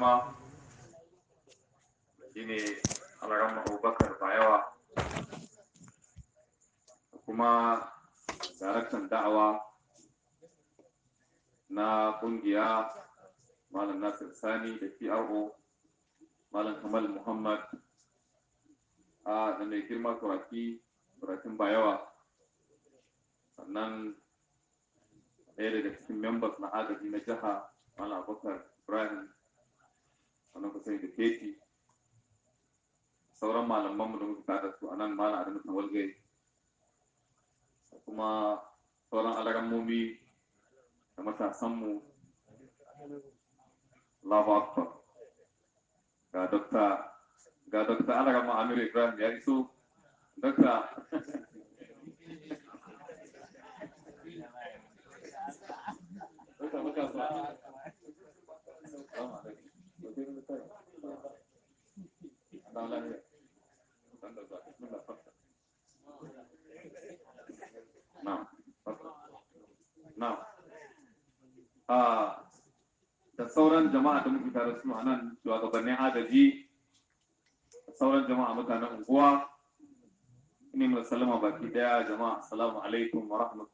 girma shi ne alaran abubakar bayawa kuma daraktan da'awa na kungiya malam nasir sani da pro malam kamal muhammad a da mai girma turaki turakin bayawa sannan ɗaya daga cikin members na agaji na jiha malam abubakar ibrahim wanda ku sani da keti sauran malamanmu da muka su a nan mana a da walgai kuma sauran alarammomi da matasanmu Allahu ga dokta ga dokta Amir Ibrahim ya iso dokta Tahun lalu ya. Tanggal 2 Bismillah. Nah. Nah. Ah, da sauran jama'a da muke tare su a nan sauran jama'a mutanen unguwa ne mai salama baki daya jama'a assalamu alaikum wa wa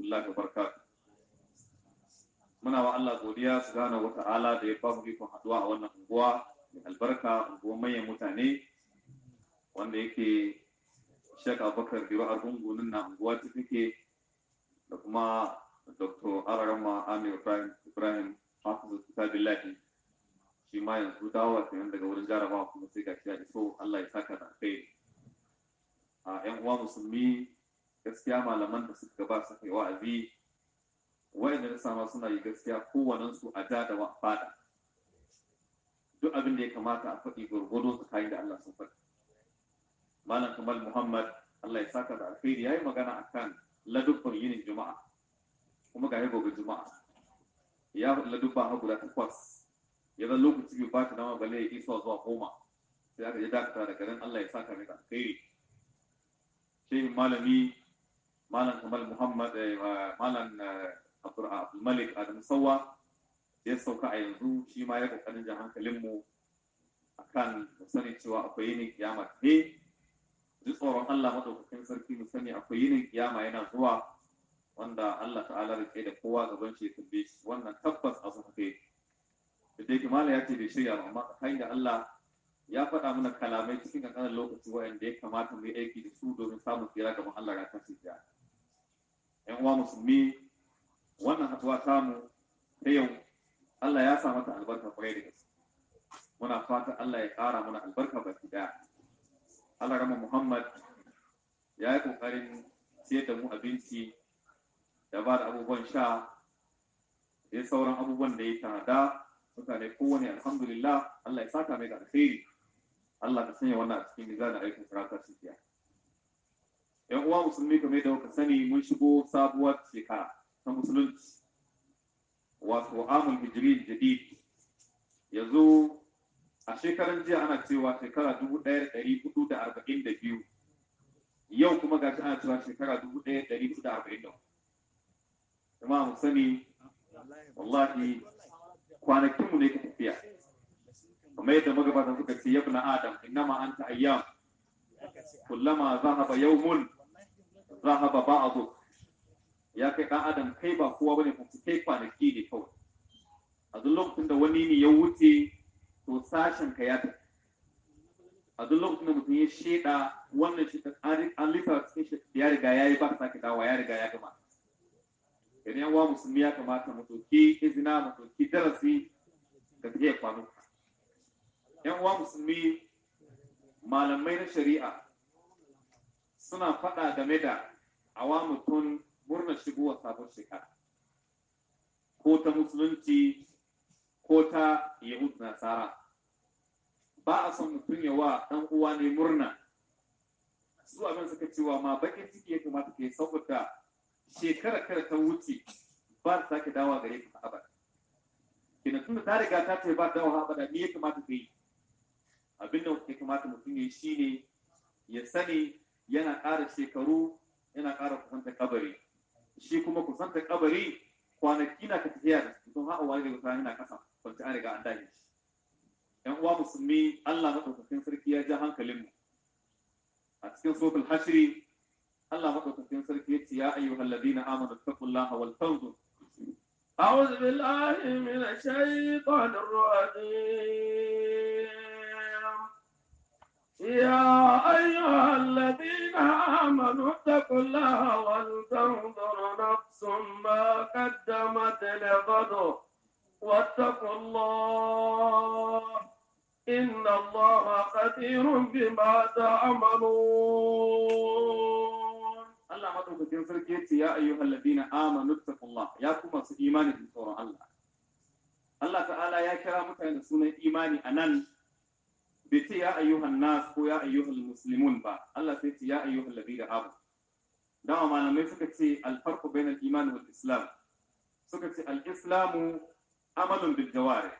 Allah wa ta'ala da ya ba mu ikon haduwa a wannan wanda yake Sheikh Abubakar Biro a na unguwa ta take da kuma Dr. Ararama Amir Ibrahim Hafizu Kitabillahi shi ma yanzu dawowa yin daga wurin jarabawa kuma sai gashi da iso Allah ya saka da kai a 'yan uwa musulmi gaskiya malaman da suka ba su kai wa'azi wa'inda na sama suna yi gaskiya kowannen su a da da fada duk abin da ya kamata a faɗi gurgudu tsakanin da Allah sun faɗi malam kamal muhammad allah ya saka da alkhairi ya yi magana akan ladubban yinin juma'a kuma ga gobe juma'a ya faɗi ladubba har guda takwas ya zan lokaci biyu ba ta dama ba ya iso zuwa goma sai aka ji dakata da garin allah ya saka mai da alkhairi shehin malami malam kamal muhammad eh, malam eh, abdulmalik adam sawa ya sauka a yanzu shi ma ya kokarin jan mu akan sanin cewa akwai yinin kiyama ne ji tsoron Allah madaukakin sarki mu sani akwai yinin kiyama yana zuwa wanda Allah ta'ala rike da kowa gaban shi ya tambaye wannan tabbas a haka kai da dai kimala ya ce bai shirya ba amma kai da Allah ya faɗa mana kalamai cikin kankanin lokaci wa'anda ya kamata mu yi aiki da su domin samun tsira gaban Allah ga kan jiya yan uwa musulmi wannan haɗuwa tamu ta yau Allah ya sa mata albarka kwarai da gaske muna fatan Allah ya ƙara mana albarka baki ɗaya. rama muhammad ya yi ƙoƙarin siyar da mu abinci da ba da abubuwan sha da sauran abubuwan da ya tanada mutane kowane alhamdulillah Allah ya saka mai da alheri Allah ka sanya wannan a cikin mizanin aikin sarauta sikiya yan uwa musulmi kamar da kuka sani mun shigo sabuwar shekara ta musulunci wato amul hijiri jadid yanzu a shekaran jiya ana cewa shekara dubu ɗaya da ɗari hudu da arba'in da biyu yau kuma gashi ana cewa shekara dubu ɗaya da ɗari hudu da arba'in da jama'a mu sani wallahi kwanakin mu ne ka tafiya Kuma yadda magabatan suka ce na adam innama anta ayyam kullama zahaba yawmun zahaba ba'dhu ya kai ɗan adam kai ba kowa bane kuma kai kwanaki ne kawai a duk lokacin da wani ne ya wuce to sashen ka ya tafi a duk lokacin da mutum ya sheda wannan shi an lisa cikin ya riga ya yi ba ka sake dawa ya riga ya gama idan yan uwa musulmi ya kamata mu ɗauki izina mu ɗauki darasi da tafiya kwano yan uwa musulmi malamai na shari'a suna faɗa game da awa mutum murnar shigowar sabon shekara ko ta musulunci ko ta yahud nasara ba a son mutum ya wa ɗan uwa ne murna su abin suka cewa ma bakin ciki ya kamata ka yi saboda shekara kada ta wuce ba ta sake dawa gare ka abada kina da ta riga ta ce ba dawa abada me ya kamata ka yi abin da ya kamata mutum ya yi ne ya sani yana ƙara shekaru yana ƙara kusanta kabari shi kuma kusanta kabari kwanaki na ka tafiya da su don ha'a wani da mutane na ƙasa ba an riga an dage shi yan uwa musulmi Allah madaukakin sarki ya ja hankalin mu a cikin suratul hashri Allah madaukakin sarki ya ce ya ayyuhal ladina amanu taqullaha wal tanzur أعوذ بالله من الشيطان الرجيم يا أيها الذين آمنوا اتقوا الله ولتنظر نفس ما قدمت لغدر واتقوا الله إن الله خبير بما تعملون الله ما تقول جنسر يا أيها الذين آمنوا اتقوا الله يا كما إيمان بصورة الله الله تعالى يا كرام متعين سنة إيماني أنان بيتي يا أيها الناس ويا أيها المسلمون با الله سيتي يا أيها الذين آمنوا دعوا معنا ما يفكتي الفرق بين الإيمان والإسلام سكتي الإسلام amalun bil jawari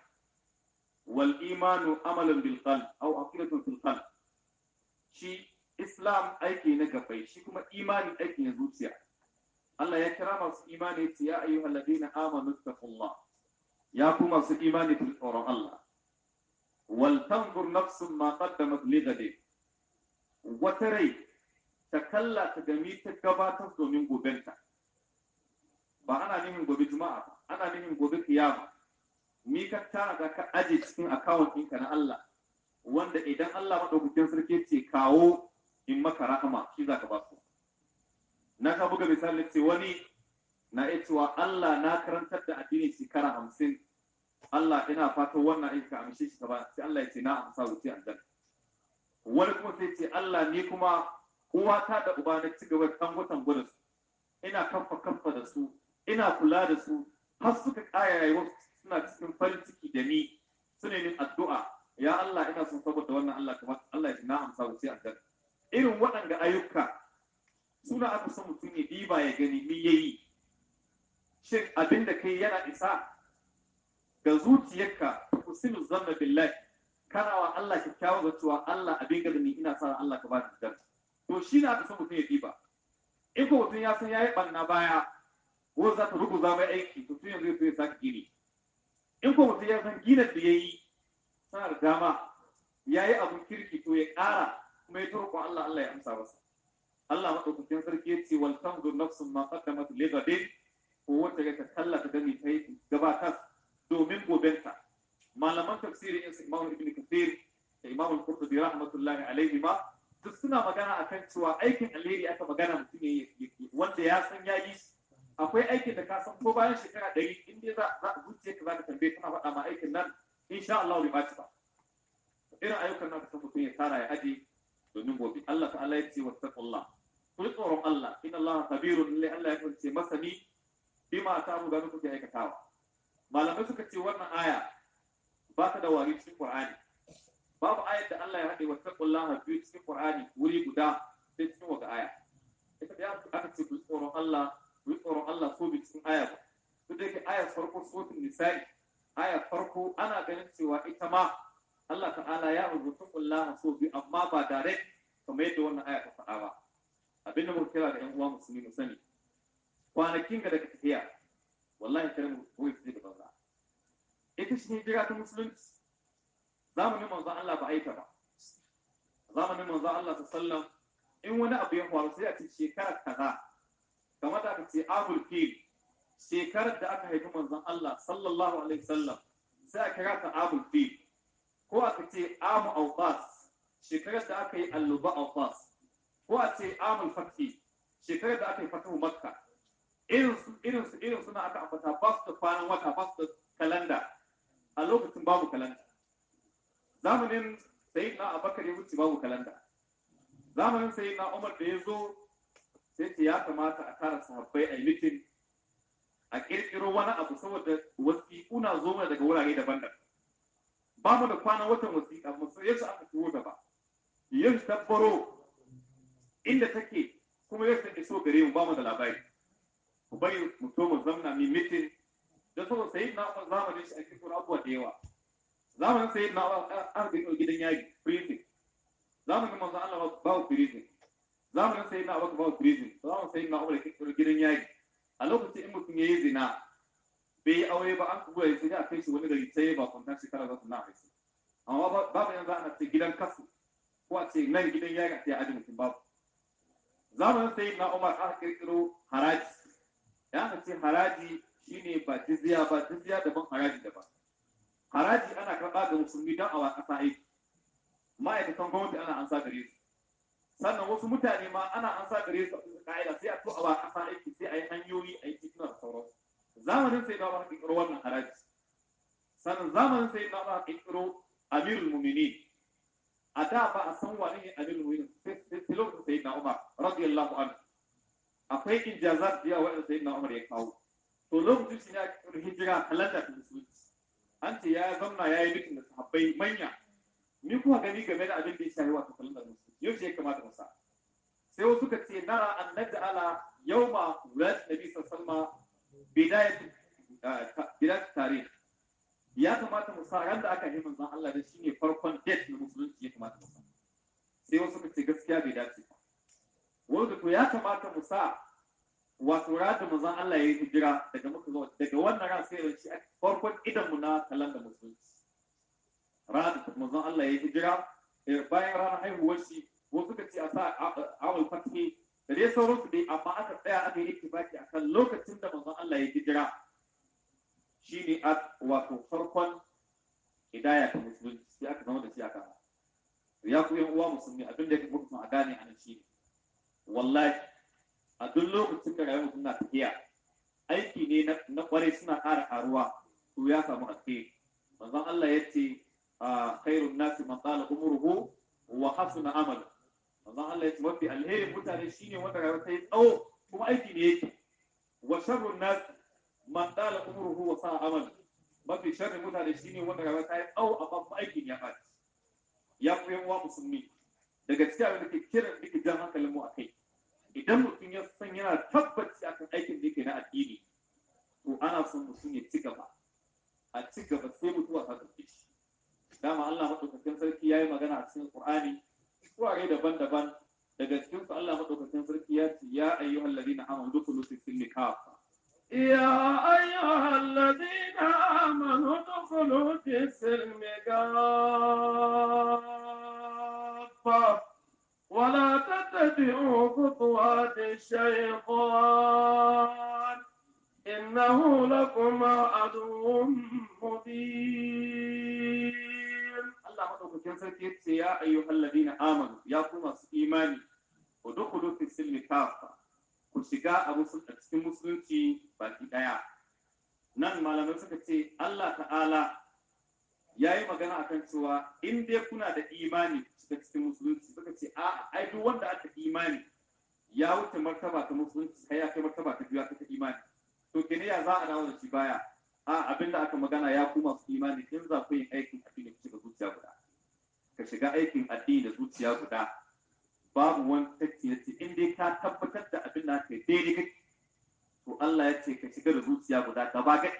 wal imanu amalun shi islam aiki na gaba shi kuma imani aiki na zuciya Allah ya kira masu imani ya ce ya ayyuhal ladina amanu taqullah ya ku masu imani ku Allah wal tanzur nafsun ma qaddamat li ghadin wata rai ta kalla ta gami ta gabatar domin gobenta ba ana nihin gobe juma'a ba ana nihin gobe kiyama ni ka tara za ka aje cikin akawun ɗinka na Allah wanda idan Allah maɗaukakin sarki ce kawo in maka rahama shi za ka ba su na ka buga misali ce wani na iya cewa Allah na karantar da addini shekara hamsin Allah ina fatan wannan aiki ka amshe shi ka ba sai Allah ya ce na amsa wuce a jan. wani kuma sai ce Allah ni kuma uwata da uba na ci gaba kan watan gwada su ina kamfa kamfa da su ina kula da su har suka ƙayaye wasu suna cikin farin ciki da ni suna min addu'a ya Allah ina son saboda wannan Allah kamar Allah ya na amsa wuce a gani irin waɗanda ayyuka suna aka son mutum ya diba ya gani ni yayi shin abin da kai yana isa ga zuciyarka usilu zanna billahi kana wa Allah ga zatuwa Allah abin gada ni ina sa Allah ka ba ni gani to shi na aka son mutum ya diba in ko mutum ya san yayi banna baya ko za ta ruguza mai aiki to tun yanzu ya sake gini in ko mutum ya san gina da ya yi sana da dama ya yi abin kirki to ya kara kuma ya turko Allah Allah ya amsa masa Allah maɗaukakin sarki ya ce wal tanzur nafsun ma qaddamat li ghadin ko wata ga kalla ta gani ta gabatar domin gobenta malaman tafsirin in Imam Ibn Kathir da Imam Al-Qurtubi rahmatullahi alaihi ma duk suna magana akan cewa aikin alheri aka magana mutum ya wanda ya san ya yi shi akwai aikin da ka san ko bayan shekara ɗari in dai za a zuciya ka za ka tambaye kana faɗa ma aikin nan sha Allah ba ta ba irin ayyukan nan ta san mutum ya tara ya aje domin gobe Allah ta'ala ya ce wa taqullah ku ji tsoron Allah in Allah kabirun lillahi Allah ya kace masani bima ta mu da kuke aikatawa malamai suka ce wannan aya ba ta da wari cikin Qur'ani babu ayar da Allah ya haɗe wa taqullaha biyu cikin Qur'ani wuri guda sai cikin wata aya ita da aka ce ku tsoron Allah ku yi tsoron Allah so bi cikin aya ba duk da yake ayar farko sotin nisa'i ayar farko ana ganin cewa ita ma Allah ta'ala ya rubuta kullaha so bi amma ba direct kamar yadda wannan aya ta faɗa ba abinda muka kira da 'yan uwa musulmi mu sani kwanakin ka daga tafiya wallahi kare mu koyi su da banza ita shi ne hijira ta musulunci zamanin manzo Allah ba aita ba zamanin manzo Allah ta sallam in wani abu ya faru sai a ce shekara kaza kamar da aka ce amul fil shekarar da aka haifi manzon Allah sallallahu alaihi wasallam sai a kira ta amul fil ko aka ce amu awqas shekarar da aka yi alluba awqas ko a ce amul fathi shekarar da aka yi fatahu makka irin irin su irin suna aka ambata ba su da kwanan wata ba su da kalanda a lokacin babu kalanda zamanin sayyidina abakar ya wuce babu kalanda zamanin sayyidina umar da ya zo sai ce ya kamata a tara sahabbai a yi mitin a ƙirƙiro wani abu saboda wasiƙuna na zo mana daga wurare daban-daban ba mu da kwanan watan wasiƙa mu sai yasa aka turo gaba yin tabbaro inda take kuma yasa iso gare mu ba mu da labari ku bari mu to mu zamna mi mitin da so sai na ku zamanin shi a kirkiro abuwa da yawa zamanin sai na an gidan yaki firizin zamanin manzo Allah ba firizin. zamanin sai na abaka ba prison zamanin sai na abaka kai gidan yaki a lokacin in mutum yi zina bai yi aure ba an kuma sai a kai shi wani gari ta yi ba kwanta shekara za su na aiki amma babu yanzu ana ce gidan kasu ko a ce nan gidan yaki a ce aji mutum babu zamanin sai na umar aka kirkiro haraji ya aka ce haraji shine ba jizya ba jizya daban haraji daban haraji ana karɓa ga musulmi don a wa ƙasa aiki ma'aikatan gwamnati ana ansa gare su sannan wasu mutane ma ana an sa gare su a ka'ida sai a to a ba a sa aiki sai a yi hanyoyi a yi tituna da sauransu zamanin sai na ba kirkiro wannan haraji sannan zamanin sai na ba kirkiro amirul mu'minin a da ba a san wani ne amirul mu'minin sai lokacin sai na umar radiyallahu anhu akwai injazat da yawa wanda sai na umar ya kawo to lokacin shi ya hijira kalanda ta musulunci an ce ya zamna ya yi mitin da sahabbai manya ni kuma gani game da abin da ya shafi wato kalanda yaushe ya kamata mu sa sai wasu ka ce nara an naj'ala yawma wulat nabi sallallahu alaihi wasallam eh, bidayat tarikh ya kamata mu sa ran da aka yi zan Allah da shi ne farkon date na musulunci ya kamata mu sa sai wasu ka ce gaskiya bai dace ba wanda ko ya kamata mu sa wato mu zan Allah ya yi hijira daga muka zo daga wannan ran sai ranci a farkon idan mu na da musulunci rata manzon Allah ya yi hijira eh, bayan ranar haihuwar shi wasu suka ce a sa awal fatmi da dai sauransu dai amma aka tsaya aka yi ittifaki akan lokacin da manzon Allah ya hijira shine a wato farkon hidaya ta musulunci sai aka zama da shi aka ya ku yan uwa musulmi abin da ya kuma a gane a nan shine wallahi a duk lokacin da rayuwar suna tafiya aiki ne na kwarai suna ƙara karuwa to ya samu alheri manzon Allah ya ce ah, khairun nasi man qala umruhu wa hasuna amalu manzo Allah ya ce mafi alherin mutane shi ne wanda rayuwa ta yi tsawo kuma aiki ne yake wa sharrun nas man dala umruhu wa sa'a amal mafi sharrin mutane shi ne wanda rayuwa ta yi tsawo amma kuma aiki ne ya ɓaci ya fi yan uwa musulmi daga cikin abin da ke kiran duk jan hankalin mu a akai idan mutum ya san yana tabbaci akan aikin da yake na addini to ana son mutum ya ci gaba a ci gaba sai mutuwa ta tafi dama Allah madaukakin sarki yayi magana a cikin Qur'ani wurare daban-daban daga cikin su Allah madaukakin sarki ya ce ya ayyuhal ladina amanu dukulu fi silmi kafa ya ayyuhal ladina amanu dukulu fi silmi kafa ولا تتبعوا خطوات الشيطان إنه لكم عدو مبين madaukakin sarki ya ce ya ayyuhal ladina amanu ya ku masu imani udkhulu fi silmi kafa ku shiga a cikin musulunci baki daya nan malamai suka ce Allah ta'ala ya yi magana akan cewa in dai kuna da imani shiga cikin musulunci suka ce a ai duk wanda aka imani ya wuce martaba ta musulunci sai ya kai martaba ta biyu ta imani to ne ya za a dawo da shi baya a abin da aka magana ya kuma su imani in za ku yin aikin addini ku shiga zuciya ku shiga aikin addini da zuciya guda babu wani takki yace in dai ka tabbatar da abin da aka yi daidai kake to Allah ya ce ka shiga da zuciya guda gaba gadi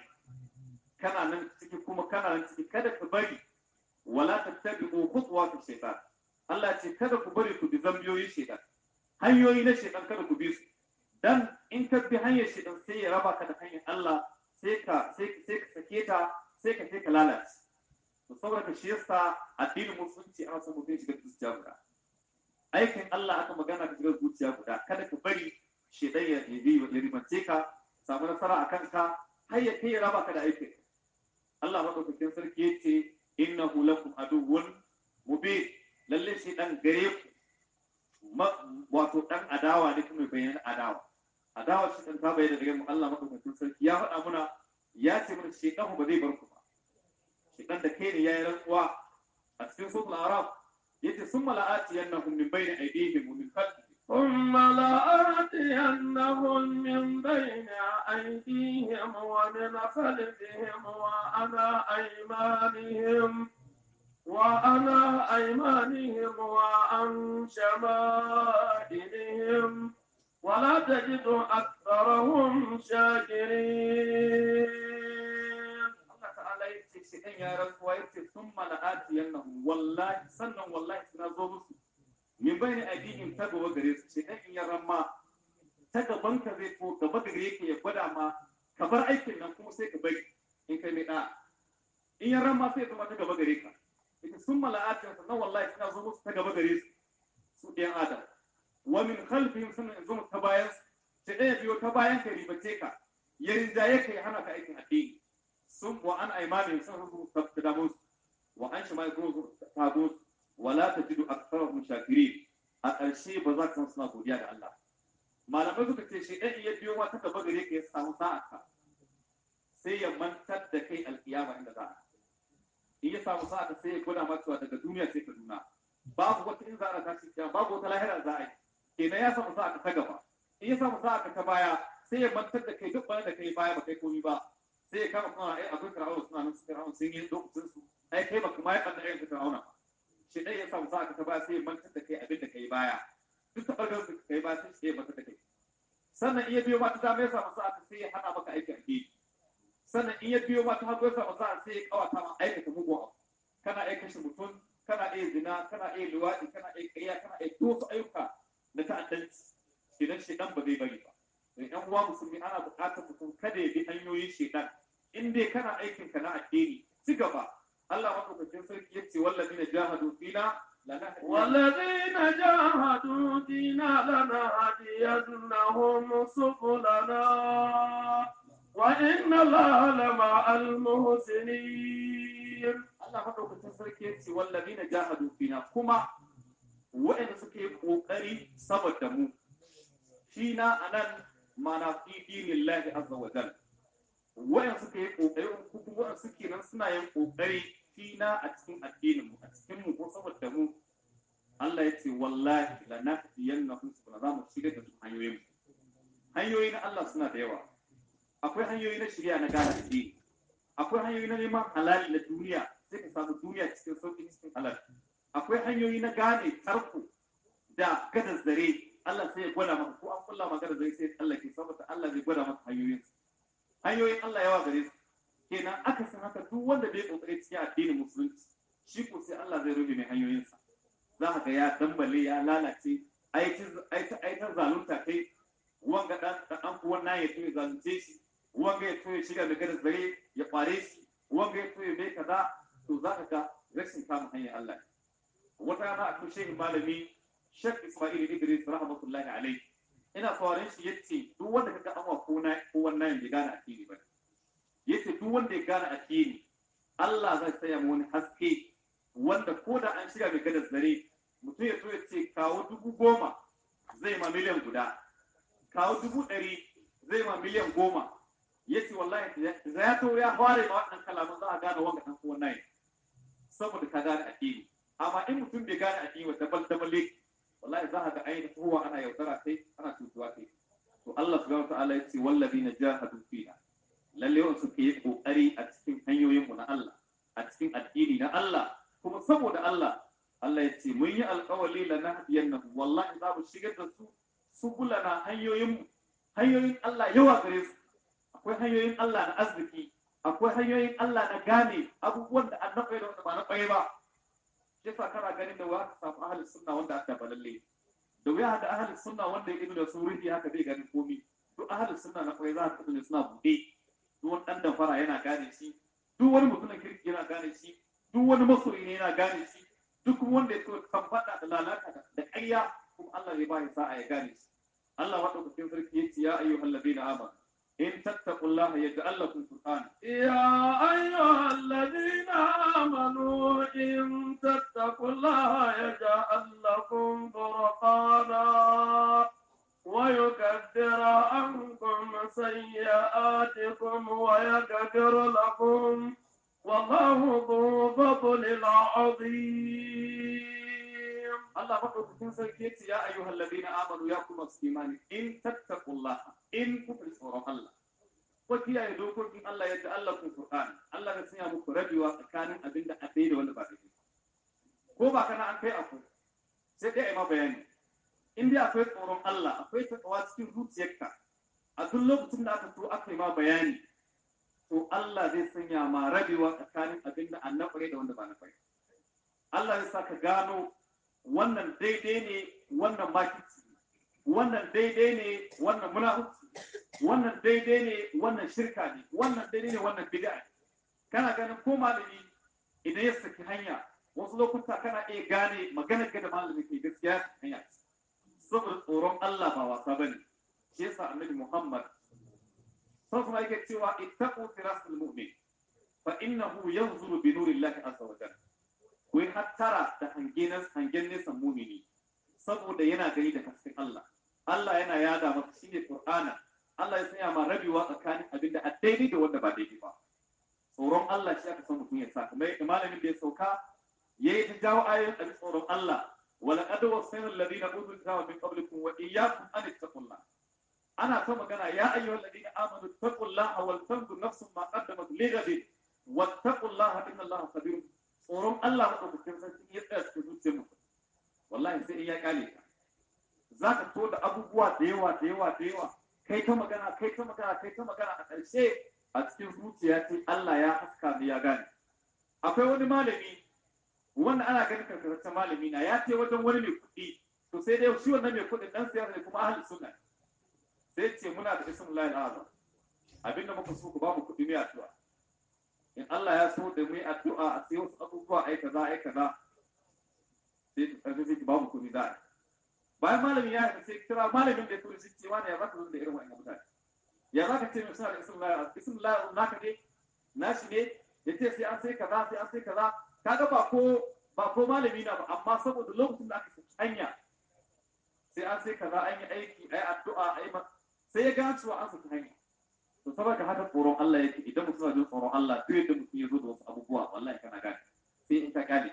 kana nan ciki kuma kana nan ciki kada ka bari wala ko tattabi'u khutuwat shaytan Allah ya ce kada ku bari ku bi zambiyoyin shaytan hanyoyi na shaytan kada ku bi su dan in ka bi hanyar shaytan sai ya raba ka da hanyar Allah sai ka sai ka sake ta sai ka sai ka lalace saboda shi yasa addinin musulunci ana son mutum shiga zuciya guda aikin Allah aka magana ka shiga zuciya guda kada ka bari shedan ya ya rimance ka samu nasara a kanka har ya kai raba ka da aikin Allah madaukakin sarki yace innahu lakum aduwwun mubi lalle shi dan gare ku wato dan adawa ne kuma bayanan adawa adawa shi dan ta bayyana daga Allah madaukakin sarki ya faɗa muna ya ce mana shi ba zai bar ku ba شيطان كان يا ايران وا اسكن صوت الاعراب يتي ثم لا أنهم من بين ايديهم ومن خلفهم ثم لا أنهم من بين ايديهم ومن خلفهم وانا ايمانهم وانا ايمانهم وان شمائلهم ولا تجد اكثرهم شاكرين shekan ya rantsuwa ya ce sun mala'ati yannan wallahi sannan wallahi suna zo musu min bai ne aidihim ta gaba gare su shekan in ya ma ta gaban ka zai ko gaba gare yake ya gwada ma ka bar aikin nan kuma sai ka bari in kai mai ɗa in ya ma sai ya zama ta gaba gare ka ita sun mala'ati na wallahi suna zo musu ta gaba gare su su ɗan adam wa min khalfihim sannan in zo ta bayan su ta ɗaya biyo ta bayan ka ribace ka ya rinjaye ka ya hana ka aikin addini sun wa an aimani sun rubu ta damu wa an shima ta zo wala tajidu aktharuhum shakirin a ƙarshe ba za ka suna godiya ga Allah malamai suka ce shi ɗan iya biyo ma ta gaba gare ka ya samu sa'a sai ya mantar da kai alƙiyama inda za a in ya samu sa'a sai ya gwada maka daga duniya sai ka duna babu wata in za a tashi kiyama babu wata lahira za a yi kenan ya samu sa'a ta gaba in ya samu sa'a ta baya sai ya mantar da kai duk bayan da kai baya ba kai komi ba sai ya kama kuma ai abin fir'auna suna nan fir'auna sun yi lokacin su ai kai baka ma yi Allah irin fir'auna shi dai ya samu sa ka ta baya sai ya mantar da kai abin da kai baya duk abin da kai baya sai ya mantar da kai sannan iya biyo ma ta dama ya samu sa'a sai ya hana maka aiki a alheri sannan in ya biyo ma ta hagu ya samu sa'a sai ya kawata ma aikata mugun abu kana iya kashe mutum kana iya zina kana iya luwaɗi kana iya ƙarya kana iya dosu ayyuka na ta'addanci idan shedan ba zai bari ba yan uwa musulmi ana buƙatar mutum kada ya bi hanyoyin shedan in dai kana aikin ka na addini ci gaba Allah madaukakin sarki yace wallazina jahadu fina والذين جاهدوا فينا لنهدينهم سبلنا وإن الله لمع المحسنين الله madaukakin sarki yace wallazina jahadu fina kuma waɗanda suke ƙoƙari saboda mu shi na anan mana fi dinillahi azza wa jalla wayan suka yi kokarin kuma suke nan suna yin kokari fina a cikin addinin mu a cikin mu ko saboda mu Allah ya ce wallahi la nahdiyannahum su za mu shiga da su hanyoyin mu hanyoyi na Allah suna da yawa akwai hanyoyi na shirya na gane addini akwai hanyoyi na neman halali na duniya sai ka samu duniya cikin sauƙi cikin halal akwai hanyoyi na gane tarko da gadar zare Allah sai ya gwada maka ko an kulla maka da zare sai Allah ke saboda Allah zai gwada maka hanyoyin hanyoyin Allah yawa gare su kenan aka san haka duk wanda bai kokari cikin addinin musulunci shi ko sai Allah zai rufe mai hanyoyinsa za ka ga ya dambale ya lalace ai zalunta kai wanga dan an kuwan na ya tuye zalunce shi wanga ya tuye shiga da gadar zare ya kware shi wanga ya tuye mai kaza to za ka ga rashin kama hanyar Allah wata rana a tushe malami shek Ismail Idris rahmatullahi alaihi ina sauraron shi yace duk wanda kaga amma ko na ko wannan ya gane addini ba yace duk wanda ya gane addini Allah zai saya mu wani haske wanda ko da an shiga mai gadar zare mutum ya so ya ce kawo dubu goma zai ma miliyan guda kawo dubu ɗari zai ma miliyan goma ya ce wallahi za ya to ya fara ma waɗannan kalaman za a gane wanga ɗan ko wannan saboda ka gane addini amma in mutum bai gane addini ba dabal dabal wallahi za a ga ainihin kowa ana yaudara sai ta'ala ya ce wallafi na jahadu fiya lalle wa suke yi kokari a cikin hanyoyin mu na Allah a cikin addini na Allah kuma saboda Allah Allah ya ce mun yi alƙawali la nahdiyannahum wallahi za mu shigar da su subulana hanyoyin mu hanyoyin Allah yawa gare su akwai hanyoyin Allah na arziki akwai hanyoyin Allah na gane abubuwan da an nafa da wanda ba na kwaye ba yasa kana ganin da wa ka samu ahli sunna wanda aka balalle da wuya da ahli sunna wanda ya ibnu rufe haka zai gani komi ahalin sunna na kwarai za a kasance suna buɗe duk wani ɗan damfara yana gane shi duk wani mutumin kirki yana gane shi duk wani masoyi ne yana gane shi duk wanda ya kan faɗa da lalata da ƙarya kuma Allah ya ba sa'a ya gane shi Allah maɗaukakin sarki ya ce ya ayyuhal ladina amanu إن تتقوا الله يجعل لكم فرقانا يا أيها الذين آمنوا إن تتقوا الله يجعل لكم فرقانا يكفر عنكم سيئاتكم ويغفر لكم والله ذو فضل عظيم الله كن سركيتي يا ايها الذين امنوا يا كما سيمان ان تتقوا الله ان كنتم تقرؤون الله وكي يدوكم الله يتالف القران الله يسمع muku rabiwa tsakanin abinda a da wanda ba daidai ko ba kana an kai aku sai dai ai in dai akwai tsoron Allah akwai takawa cikin zuciyarka a duk lokacin da aka so aka yi ma bayani to Allah zai sanya ma rabewa tsakanin abin da annabare da wanda ba na fari Allah zai saka gano wannan daidai ne wannan makici wannan daidai ne wannan munafiki wannan daidai ne wannan shirka ne wannan daidai ne wannan bid'a ne kana ganin ko malami idan ya saki hanya wasu lokuta kana iya gane maganar ga da malami ke gaskiya hanya saboda tsoron Allah ba wasa ba ne shi yasa annabi Muhammad sai kuma yake cewa ittaqu firasul mu'min fa innahu yanzuru bi nurillahi azza wa jalla ku hattara da hangen nesa mumini saboda yana gani da kaskin Allah Allah yana yada maka shine Qur'ana Allah ya sanya ma rabiwa tsakanin abin da addini da wanda ba daidai ba tsoron Allah shi aka san mutum ya sa malamin da ya sauka ya yi ta jawo ayoyin tsoron Allah ولقد وصينا الذين اوتوا الكتاب من قبلكم واياكم ان اتقوا الله انا كما كان يا ايها الذين امنوا اتقوا الله ولتنظر نفس ما قدمت لغد واتقوا الله ان الله خبير tsoron Allah maɗaukakin shi ya tsaya cikin zuciyar mu wallahi sai ya kale ka za ka to da abubuwa da yawa da yawa da yawa kai ta magana kai ta magana kai ta magana a ƙarshe a cikin zuciya sai Allah ya haska ni ya gane akwai wani malami wanda ana ganin karkataccen malami na ya ce wajen wani mai kuɗi to sai dai shi wannan mai kuɗin dan siyasa ne kuma ahli sunna sai ce muna da ismul lahi azam abinda muka so ku ba mu kuɗi mai addu'a in Allah ya so da mai addu'a a sai wasu abubuwa ai kaza ai kaza sai ta zai ba mu kuɗi da bayan malamin ya ce, sai kira malamin da ya kuri zuci ne ya zaka zo da irin wa'annan mutane ya zaka ce mai suna da ismul lahi azam ismul lahi azam naka ne nashi ne ya ce sai an sai kaza sai an sai kaza kaga ba ko ba ko malami na ba amma saboda lokacin da aka saki hanya sai an sai kaza an yi aiki ai addu'a ai sai ya gane cewa an saki hanya to saboda haka tsoron Allah yake idan mutum na ji tsoron Allah duk yadda mutum ya zo da wasu abubuwa wallahi kana gane sai in ka gane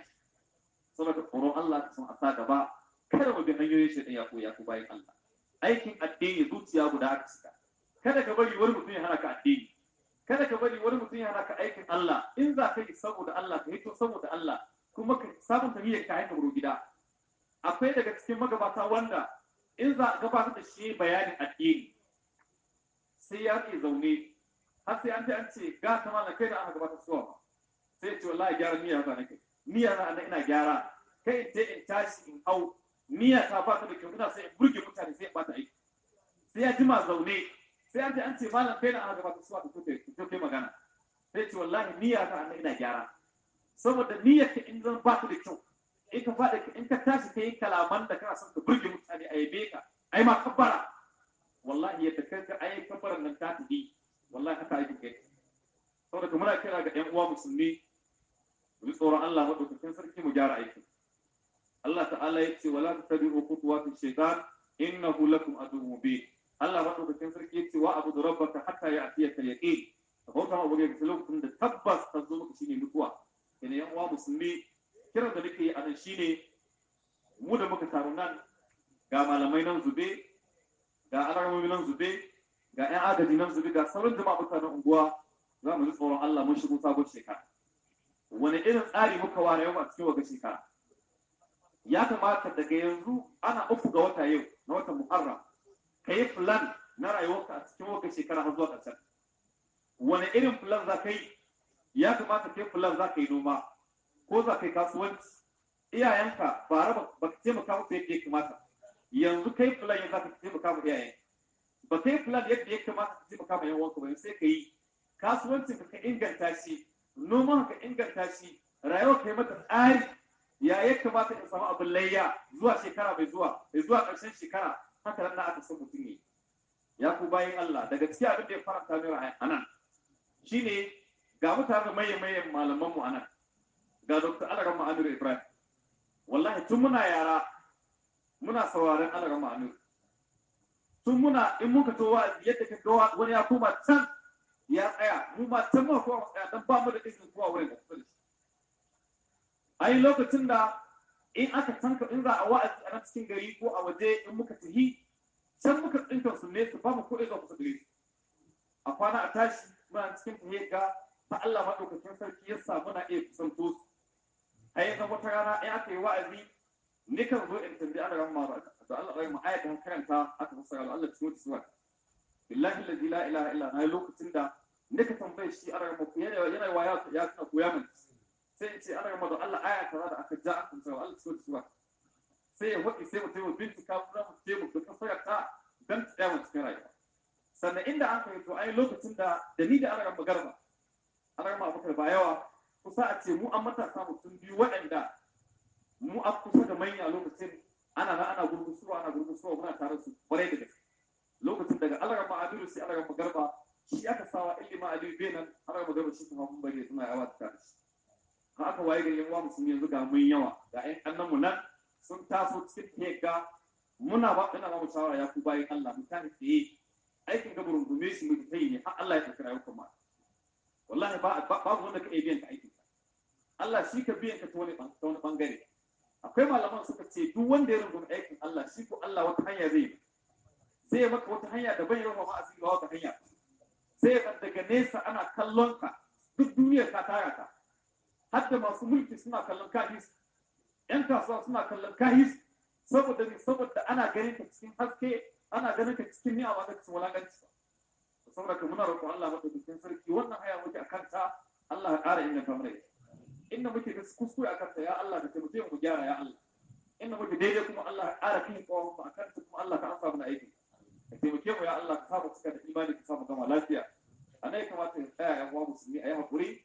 saboda tsoron Allah ka san a sa gaba kada mu bi hanyoyin shi ya ko ya ko bayan Allah aikin addini zuciya guda aka saka kada ka bari wani mutum ya hana ka addini kada ka bari wani mutum ya ka aikin Allah in za ka yi saboda Allah ka hito saboda Allah kuma ka sabunta niyyar ka aika wuro gida akwai daga cikin magabata wanda in za a gabata da shi bayanin addini sai ya ke zaune har sai an ce an ce ga ta mala kai da aka gabata suwa sai ya ce wallahi gyara miya za nake niyya za na ina gyara kai in je in tashi in hau Miya ta ba ta da kyau ina sai in burge mutane sai in bata aiki sai ya jima zaune sai an ce an ce malam bai na a gaba su aka kuce to kai magana sai ce wallahi niyya ta annabi ina gyara saboda niyyar ka in zan ba ta da kyau in ka fada in ka tashi kai kalaman da kana son ka burge mutane a yabe ka ai ma kabbara wallahi ya ka ai kabbaran nan ta tafi wallahi haka ake kai saboda kuma muna kira ga ƴan uwa musulmi mu tsoron Allah madaukakin sarki mu gyara aiki Allah ta'ala ya ce wala tattabi'u khutuwati shaytan innahu lakum aduwwun mubin Allah madaukakin sarki ce wa abudu rabbaka hatta ka al-yaqin ka bauta ma ubangiji lokacin da tabbas ta zo maka ne mutuwa yana yan uwa musulmi kiran da nake yi a nan shine mu da muka taru nan ga malamai nan zube ga alarmomi nan zube ga 'yan agaji nan zube ga sauran jama'a mutanen unguwa za mu ji tsoron Allah mun shigo sabon shekara wani irin tsari muka ware yau a cikin waga shekara ya kamata daga yanzu ana uku ga wata yau na watan muharram ka yi plan na rayuwarka a cikin wakar shekara har zuwa ƙarshen wani irin plan za ka yi ya kamata kai plan za ka yi noma ko za ka yi kasuwanci iyayenka ba raba ba ka taimaka musu yadda ya kamata yanzu kai plan yadda za ka taimaka ma iyayen ba kai plan yadda ya kamata ka taimaka ma yawanka ba sai ka yi kasuwancin ka inganta shi noman ka inganta shi rayuwar ka yi mata tsari ya ya kamata in samu abin layya zuwa shekara mai zuwa mai zuwa ƙarshen shekara haka nan aka so mutum ne ya ku bayin Allah daga cikin abin da ya faranta mai a nan shine ga mutane maye maye malaman mu anan ga Dr. Alaram Amir Ibrahim wallahi tun muna yara muna sauraron Alaram Amir tun muna in muka to yadda ka ga wani ya koma can ya tsaya mu ma can muka koma tsaya dan ba mu da izinin kowa wurin da kusa da ai lokacin da in aka tanka in za a wa'azi a cikin gari ko a waje in muka tahi can muka tsinka su ne su bamu ko izuwa kusa gare a kwana a tashi muna cikin tahi ga ta Allah maɗaukakin sarki ya sa muna iya kusanto su a yi zan wata rana in aka yi wa'azi ni kan zo in tambayi ana rahama ba da Allah rahama ayatan karanta aka fassara Allah cikin wata suwa billahi allazi la ilaha illa na lokacin da nika tambaye shi ana rahama yana yana waya ya tuna koya mana sai ce ana gama da Allah aya kaza da aka ja aka zuwa Allah suwa suwa sai ya wadi sai mutum ya bincika mu mu ce ya duka fayar ta dan tsaya mu cikin rayuwa sannan inda an kai to ai lokacin da da ni da ana gama garba ana gama abu ba yawa kusa a ce mu an matasa mutum biyu waɗanda mu a kusa da manya lokacin ana na ana gurgusuwa ana gurgusuwa muna tare su kwarai da gaske lokacin daga Allah gama adiru sai Allah gama garba shi aka sawa ilima aliyu benan Allah gama garba shi kuma mun bari suna yawa tare shi in aka waye gari yawa musulmi yanzu ga mun yawa ga ƴan annan mu nan sun taso cikin ga muna ba ina ba mu shawara ya ku bayan Allah mu tafi ce aikin ga burungume shi mu tayi ne har Allah ya tafi rayuwar kuma wallahi ba babu wanda ka iya biyan ka aikin ka Allah shi ka biyan ka ta wani ta wani bangare akwai malaman suka ce duk wanda ya rungume aikin Allah shi ko Allah wata hanya zai zai maka wata hanya da bai rawa ma asiri ba wata hanya sai daga nesa ana kallon ka duk duniyar ka tara ka hatta masu mulki suna kallon kahis yan kasuwa suna kallon kahis saboda ne saboda ana ganin ka cikin haske ana ganin ka cikin ni'a ba ka cikin wulakanci ba saboda ka muna roƙon Allah mata bikin sarki wannan haya muke a kanta Allah ya ƙara inganta mana ita inda muke da kuskure a kanta ya Allah da taimake mu gyara ya Allah inda muke daidai kuma Allah ya ƙara kin tsawon mu a kanta kuma Allah ka amsa mana aiki ka taimake mu ya Allah ka samu cika da imani ka samu gama lafiya a nan ya kamata ya tsaya ya uwa musulmi a yi haƙuri